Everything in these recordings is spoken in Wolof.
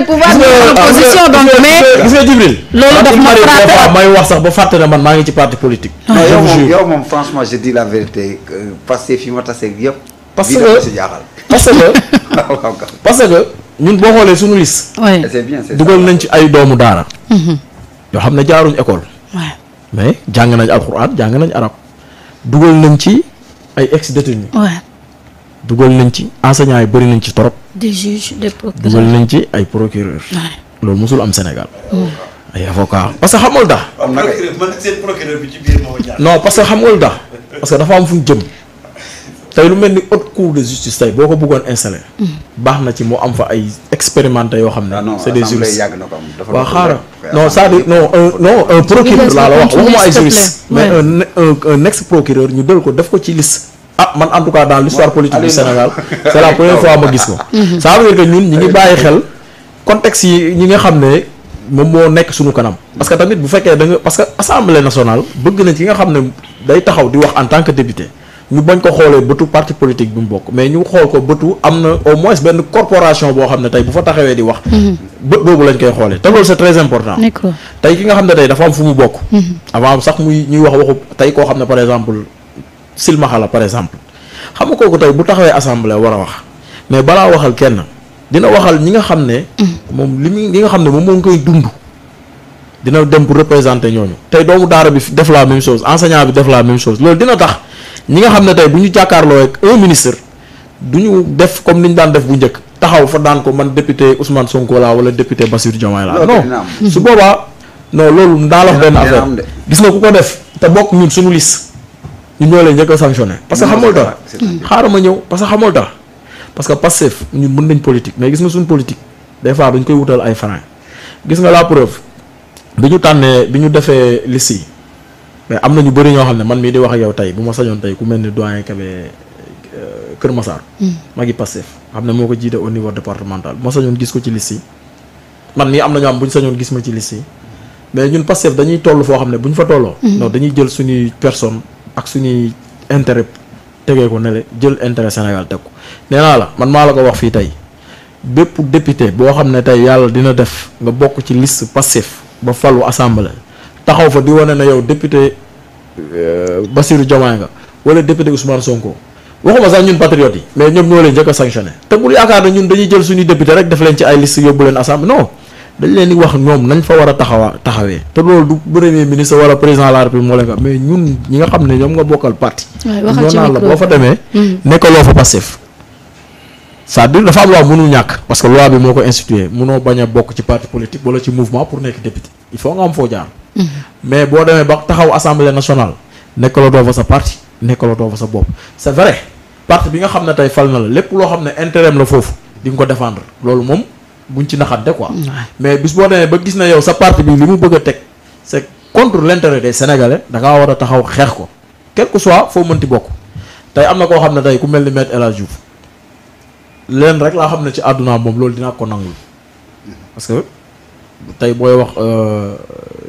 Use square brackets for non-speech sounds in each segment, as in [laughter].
du pouvoir de ah, l'opposition donc mais ah, wax sax ba fàtte man maa ngi ci parti politique yow moom yow moom franchement je dis la ma tasee yëpp parce que jaaxal [laughs] parce que [laughs] parce que ñun boo xoolee suñu liste dugal nañ ci ay doomu daara mhm. yoo xam ne jaaruñ école mais jàng nañ alxuraan jàng nañ arab dugal nañ ci ay ex détenus dugal nañ ci enseignants yi bëri nañ ci trop. des dugal nañ ci ay procureurs. loolu mosul am Sénégal. Hmm. ay avocats parce que xamul daa. am na kay man seen procureur bi parce que xamul daa parce que dafa am fu ñu jëm tey lu mel ni haute cour de justice tey boo ko bëggoon installé. Hmm. baax na ci moo am fa ay expérimenté yoo xam ne. Ah c'est des juristes waaw xaaral non c'est-à-dire non un non un procureur laa la wax waxuma ay juriste mais un un procureur ñu dël ko def ko ci liste. ah man en tout cas dans l'histoire politique du Sénégal c'est la [laughs] première fois ma gis ko mm-hmm. ça veut dire que ñun ñi ngi bàyyi xel contexte yi ñi nga xam ne moom moo nekk suñu kanam parce que tamit bu fekkee da parce que assemblée nationale bëgg na ci nga xam ne day taxaw di wax en tant que député ñu bañ ko xoolee bëtu parti politique bi mu bokk mais ñu xool ko bëtu am na au moins benn corporation boo xam ne tey bu fa taxawee di wax mm-hmm. bët boobu lañ koy xoolee te loolu c'est très important xam ne tey dafa am fu mu bokk mm-hmm. avant sax muy ñuy wax waxu tey koo xam ne par exemple silmaxa la par exemple xam nga kooku tey bu taxawee assemblée war a wax mais balaa waxal kenn dina waxal ñi nga xam ne. moom li muy li nga xam ne moom moo ngi koy dund. dina dem pour représenter ñooñu tey doomu daara bi def la même chose enseignant bi def la même chose loolu dina tax ñi nga xam ne tey bu ñu jàkkaarloo ak un ministre du ñu def comme ni ñu daan def bu njëkk taxaw fa daan ko man député Ousmane Sonko laa wala député Bassirou Diomaye laa non su boobaa non loolu ndaa ñu ñoo leen njëkk a sanctionné parce que xamul tax xaaral ma ñëw parce que xamul tax parce que Pastef mun nañ politique mais gis nga suñ politique des fois dañ koy wutal ay frein gis nga la preuve bi ñu tànnee bi ñu defee liste yi mais am na ñu bëri ñoo xam ne man mii di wax ak yow tey bu ma sañoon tey ku mel ni doyen Kébé euh, Kër Massar. Hmm. magi Pastef xam ne moo ko jiite au niveau départemental bu ma sañoon gis ko ci liste yi man mii am na ñoo xam bu ñu sañoon gis ma dañuy toll foo xam ne bu ñu fa tolloo. Hmm. non dañuy jël suñuy personne ak suñuy intérêt tegee ko ne la jël intérêt Sénégal teg ko nee naa la man maa la ko wax fii tey bépp député boo xam ne tey yàlla dina def nga bokk ci liste passif ba falu assemblée taxaw fa di wane ne yow député euh, Bassirou Diomaye nga wala député Ousmane Sonko waxuma sax ñun patriotes yi mais ñoom ñoo leen njëkk a sanctionné te bul yaakaar ne ñun dañuy jël suñuy député rek def leen ci ay liste yóbbu leen assemblée no dañ leen di wax ñoom nañ fa war a taxawa taxawee te loolu du premier ministre wala président la république moo leen ko mais ñun ñi nga xam ne ñoom nga bokkal parti ñoo la boo fa demee hmm. nekkaloo fa Pastef cest à dafa am loi mënul ñàkk parce que loi bi moo ko institué mënoo bañ a bokk ci parti politique wala ci mouvement pour nekk député il faut nga jaar hmm. mais boo demee ba taxaw assemblée nationale nekkaloo doo fa sa parti nekkaloo doo fa sa bopp c'est vrai parti bi nga xam ne tey fal na la lépp loo xam ne intérêt la foofu di nga ko défendre loolu moom bu buñ ci naxante quoi. mais bis boo demee ba gis na yow sa parti bi li mu bëgg a teg c'est contre l'intérêt des sénégalais da ngaa war a taxaw xeex ko quel que soit foo mënti bokk tey am na koo xam ne tey ku mel ni maître El Hadj rek laa xam ne ci àdduna moom loolu dinaa ko nangul parce que tey booy wax euh,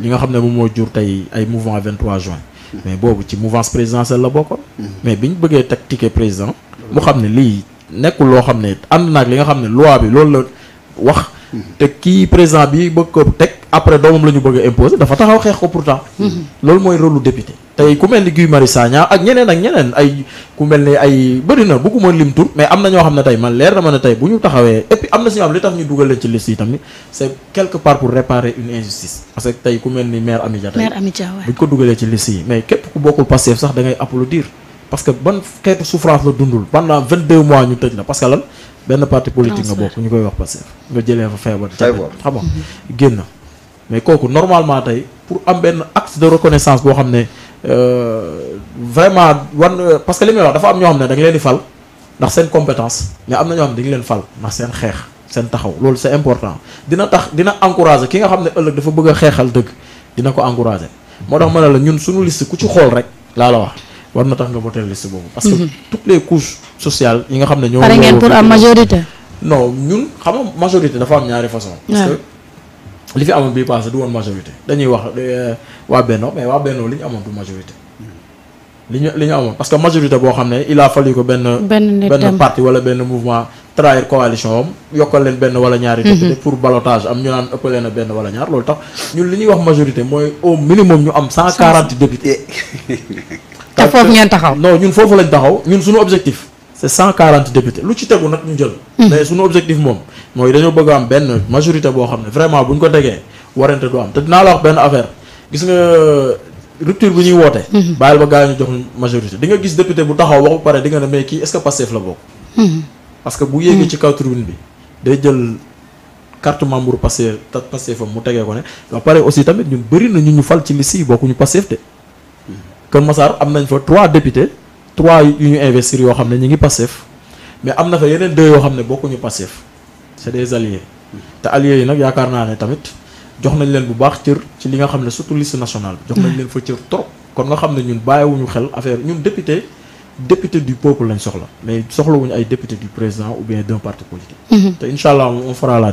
li nga xam ne moom moo jur tey ay mouvement 23 juin. mais boobu ci mouvance présidentielle la bokkoon. mais bi ñu bëggee teg ticket président. mu xam ne lii nekkul loo xam ne ànd naag li nga xam ne loi bi loolu la. wax. te kii président bi bëgg ko teg après doomam la bëgg a imposer dafa taxaw xeex ko pourtant. loolu mooy rôle lu député. tey ku mel ni Guy Marius Sagna ak ñeneen ak ñeneen ay ku mel ni ay bëri na bëgguma lim tur mais am na ñoo xam ne tey man leer na ma ne tey bu ñu taxawee et puis am na si ñoo xam li tax ñu dugal ci liste yi tamit c'est quelque part pour réparer une injustice. parce que tey ku mel ni maire Amidia tey bu ñu ko dugalee ci liste yi mais képp ku bokkul Pastef sax da ngay applaudir parce que ban benn parti politique nga bokk ñu koy wax Pastef nga jëlee fa feebar mhm. xam nga génn mais kooku normalement tey pour am benn acte de reconnaissance boo xam ne euh, vraiment wan parce que li may wax dafa am ñoo xam ne dañ leen fal ndax seen compétence mais am na ñoo xam ne dañu leen fal ndax seen xeex seen taxaw loolu c'est important dina tax dina encourager ki nga xam ne ëllëg dafa bëgg a xeexal dëgg dina ko encourager moo tax man ne la ñun suñu liste ku ci xool rek laa la wax war na tax nga voter liste boobu. parce que mhm. toutes les couches sociales yi nga xam ne ñoo. pare ngeen pour am majorité. non ñun xam nga majorité dafa am ñaari façon. parce que li fi amoon bii passé du woon majorité dañuy wax euh, waa Benno mais waa Benno li ñu amoon du majorité. li ñu li ñu amoon parce que majorité boo xam ne il a fallu ko benn. benn benn parti wala benn mouvement trahir coalition am yokkal leen benn wala ñaari. député mhm. pour ballottage am ñu naan ëppale na benn wala ñaar loolu tax ñun li ñuy wax majorité mooy au minimum ñu am. cent quarante députés. [laughs] te foofu ñun foofu lañ taxaw ñun suñu objectif c'est cent quarante députés lu ci tegu nag ñu jël hmm. mais suñu objectif moom mooy dañoo bëgg am benn majorité boo xam ne vraiment bu ñu ko tegee warante du am te dinaa la wax benn affaire gis nga euh, rupture bu ñuy woote bàyyil hmm. ba gars yi ñu jox majorité di nga gis député bu taxaw wax pare di ne mais kii est-ce la bokk hmm. parce que bu yéegee ci kaw bi day jël carte membre Pastef Pastef mu tegee ko ne ba kon Massar am nañ fa trois députés trois yu ñu investir yoo xam ne ñu ngi Pastef mais am na fa yeneen deux yoo xam ne bokkuñu Pastef c'est des alliés te alliés yi nag yaakaar naa ne tamit jox nañ leen bu baax cër ci li nga xam ne surtout liste nationale bi. jox nañ leen fa cër trop. kon nga xam ne ñun bàyyiwuñu xel affaire ñun député député du peuple lañ soxla mais soxlawuñu ay député du président ou bien d'un parti politique. Mm-hmm. te incha allah on fera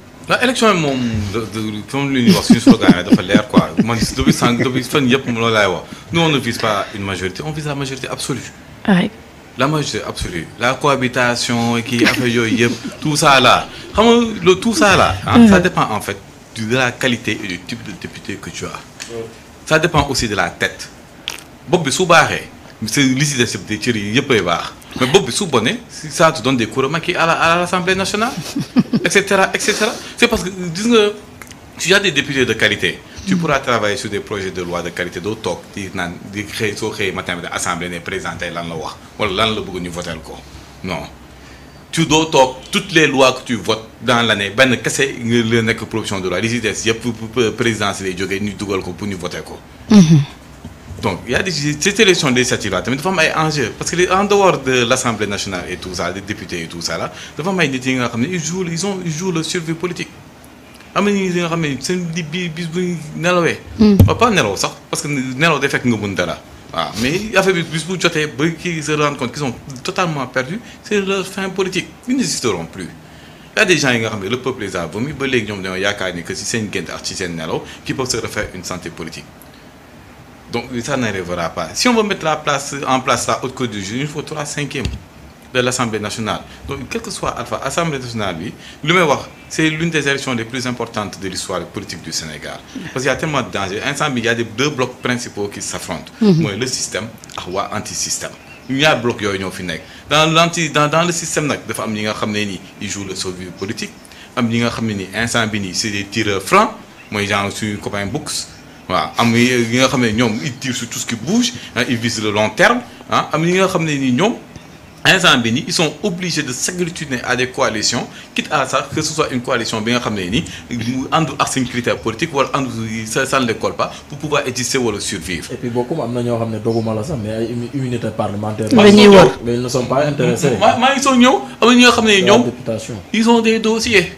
[laughs] ah élection yi moom comme li ñuy wax suñu slogan yi dafa leer quoi man depuis sànq depuis fan yëpp loolu laay wax nous on ne vise pas une majorité on vise la majorité absolue. waay. la majorité absolue la cohabitation kii affaire yooyu yëpp tout ça là xam nga le tout ça là. Hein, ça dépend en fait de la qualité et du type de député que tu as. ça dépend aussi de la tête bopp bi su baaxee c'est li si des ci cër yi yëppay baax. mais boobu su bonee si ça te donne des couromaques à la à l'Assemblée nationale [laughs] et cetera et c'est parce que gis nga tu as des députés de qualité. tu mm. pourras travailler sur des projets de loi de qualité doo toog di naan di xëy soo xëyee matin bi de assemblée ne présenté lan la wax wala lan la bëgg ñu votel ko non tu doo toog toutes les lois que tu votes dans l'année benn kese nga la nekk proposition de loi li si des yëpp e présidence lay jógee ñu dugal ko pour ñu voté ko. Mm-hmm. donc y a en dehors de l'Assemblée nationale et tout députés et tout ça là dafa am ay nit yi nga xam ne ils jouent ils ont ils le survie politique am na nit yi hmm. pas nelaw sax parce que nelaw day fekk nga dara waaw mais affaire bi bis bu jotee ba kii se rendre compte qu'ils sont totalement perdus c'est leur fin politique ils n'existeront plus y a des gens yi nga le peuple les a vomi ba léegi ni Donc ça n'arrivera pas. Si on veut mettre la place, en place la haute cour du juge, il faut 3 cinquièmes de l'Assemblée nationale. Donc, quel que soit Alpha, nationale, lui, c'est l'une des élections les plus importantes de l'histoire politique du Sénégal. Parce qu'il y a tellement de dangers. Ensemble, il y a deux blocs principaux qui s'affrontent. Mm -hmm. Le système, anti-système. Il y a bloc dans, dans, dans le système, de femmes, ils jouent le sauvetage waaw am yi nga xam ne ñoom ils tirent sur tout ce qui bouge ah ils le long terme am yi nga xam ne nii ñoom instant bi ni ils sont obligés de s'agglutiner à des coalitions quitte à sa que ce soit une coalition bi nga xam ne ni mu àndul ak seen critère politique wala àndul sa ça ne les colle pas pour pouvoir exister wala survivre. et puis bokkum am na ñoo xam ne doguma la sax mais ay immunité parlementaire. maa ngi maa ngi soo ñëw am na ñoo xam ne ñoom. ils ont des dossiers.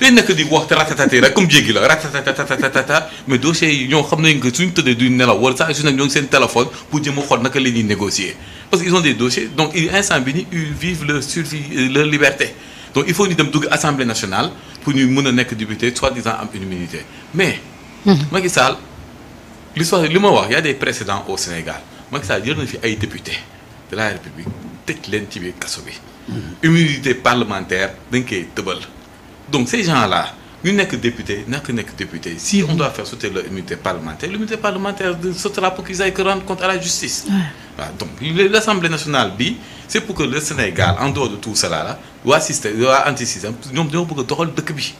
day nekk di wax te ratatati rek comme jéggi la ratatatatata mais dossiers yi ñoo xam nañ que suñu tëddee duñ nelaw wala saa su nekk ñoo ngi seen téléphone pour jëm a xool naka la ñuy négocier parce que ils ont des dossiers donc instant bi ni ils vivent leur survie leur liberté donc il faut ñu dem dugg assemblée nationale pour ñu mën a nekk député soi-disant am une immunité mais. Mm-hmm. Macky Sall l'histoire li ma wax y a des précédents au Sénégal Macky Sall jël na fi ay député de la République tëj leen ci biir kaso bi. Mm-hmm. immunité parlementaire dañ koy tëbal. donc ces gens-là ñu nekk député nekk nekk député si on doit faire sauter leur immunité parlementaire l'immunité parlementaire sautera pour qu'ils aillent rendre compte à la justice waaw donc l'Assemblée nationale bi c'est pour que le Sénégal en dehors de tout cela là waa système waa anti-système ñoom dañoo bëgg a bi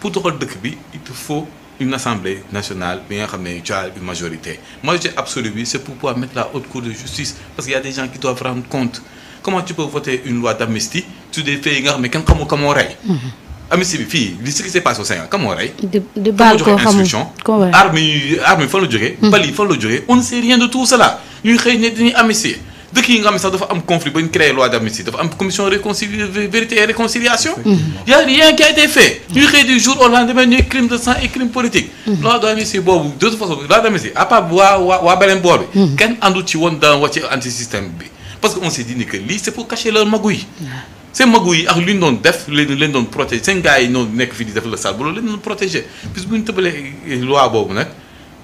pour doxal dëkk bi il faut une assemblée nationale bi nga xam ne tu as une majorité majorité absolue bi c'est pour pouvoir mettre la a amnistie ah, bi fii li ce qui s'est passé au Sénégal kan moo rey. di baal koo xamul koo rey armes yi armes yi fan la hmm. on ne sait rien de tout cela ñuy xëy ne dañuy amnistie dëkk yi nga xam ne sax dafa am conflit ba ñu créé loi d'amnistie dafa am commission réconcili vérité et réconciliation. Hmm. y a rien qui a été fait. Hmm. ñuy xëy du jour au lendemain ñuy crime de sang et crime politique. loi d'amnistie boobu de toute façon loi d'amnistie à part waa que seen magu yi ak li ñu doon def leen leen doon protéger seen gars nekk fii di def la sale bu loolu leen doon protéger puisque bu ñu tëbalee eh, loi boobu nag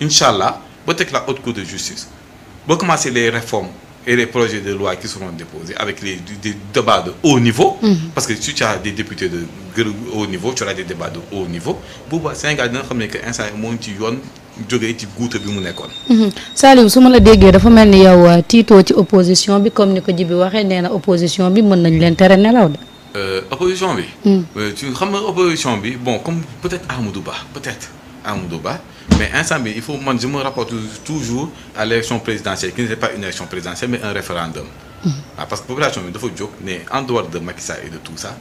incha allah ba teg la haute cour de justice ba commencer les réformes et les projets de loi qui seront déposés avec les des de haut niveau. Mm-hmm. parce que si tu as des députés de haut niveau tu auras des débats de haut niveau bo boobaa Sénégal dina xam ne que instant moo ngi ci yoon jógee ci guuta bi mu nekkoon. Mhm. Saliou su ma la déggee dafa mel ni yow euh, tiitoo ci opposition bi comme ni ko Jibi waxee nee na opposition bi mën nañ leen tere nelaw de. Euh, opposition bi. ci mhm. euh, opposition bi bon peut-être Amadou Ba peut-être Amadou Ba mais instant bi il faut man je toujours à l'élection présidentielle qui n'était pas une élection présidentielle mais un référendum. Mhm. Ah, parce que population bi dafa jóg ne en de Macky et de tout ça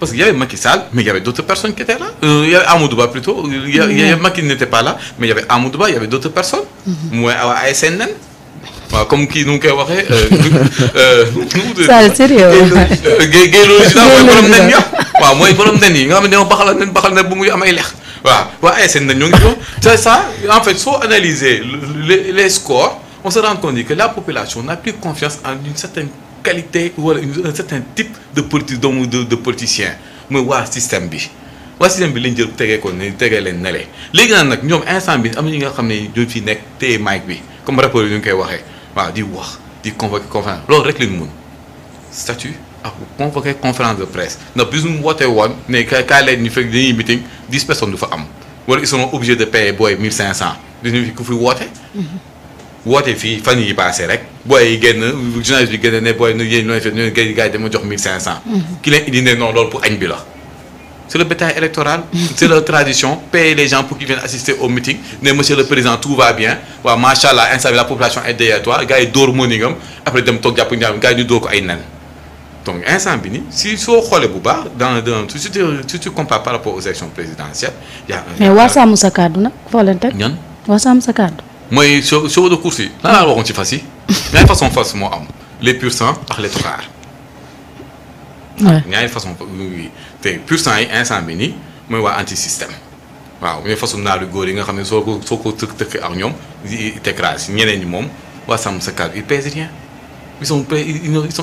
Parce qu'il y avait Macky Sall, mais il y avait d'autres personnes qui étaient là. Euh, il y avait Amoudouba plutôt. Il y, avait, il y avait Macky n'était pas là, mais il y avait Amoudouba, il y avait d'autres personnes. Mhm. Moi, à ASNN. waaw comme kii nu mu koy waxee. Sall sérieux gay gay loolu mooy borom nen ya waaw mooy borom nen yi nga xam ne dama baxal nen baxal nen bu muy am ay lex. waaw waaw ay seen nen ñoo ngi ci c'est ça en fait soo analyser les scores on se rend compte que la population n'a plus confiance en une certaine. qualité wala un certain type de politi doomu de de politicien mooy waa système bi waa système bi lañ jël tegee ko ne tegee leen nele léegi naan nag ñoom instant bi am na ñi nga xam ne ñoo fi nekk téye mic bi comme rapport yi ñu ngi koy waxee waaw di wax di convoquer conférence loolu rek lañ mun statut ak convoquer conférence de presse ndax bis mu wootee woon ne ka leen ñu fekk dañuy meeting dis personnes du fa am wala ils sont obligés de payer booy mille cinq cent dañu ku fi woote mm-hmm. woote fii fan yi passé rek booy yi génn journaliste bi génn ne booy nu yéen ñooy fekk mhm. añ bi la. c'est le bétail électoral. Mhm. c'est leur tradition payer les gens pour qu'ils viennent assister au meeting ne monsieur le président tout va bien waaw macha instant bi la population est derrière toi gars yi dóor mooningam après dem toog jàpp ñaar gars yi ñu ko ay nen. donc instant bi ni si soo xoolee bu baax dans dans si tu tu compares par rapport aux élections présidentielles. a mooy chevaux de course yi lan laa waxoon ci fas yi ñaari façon fas moo am les pur sang ak le tocards. ñaari façon te pur sang yi instant bi nii mooy waa anti système. waaw ñooy façon naaru góor yi nga xam ne soo ko soo ko tëkk tëkk ak ñoom di si ñeneen ñi moom waa sàmm sa kàddu ils pèsent rien ils sont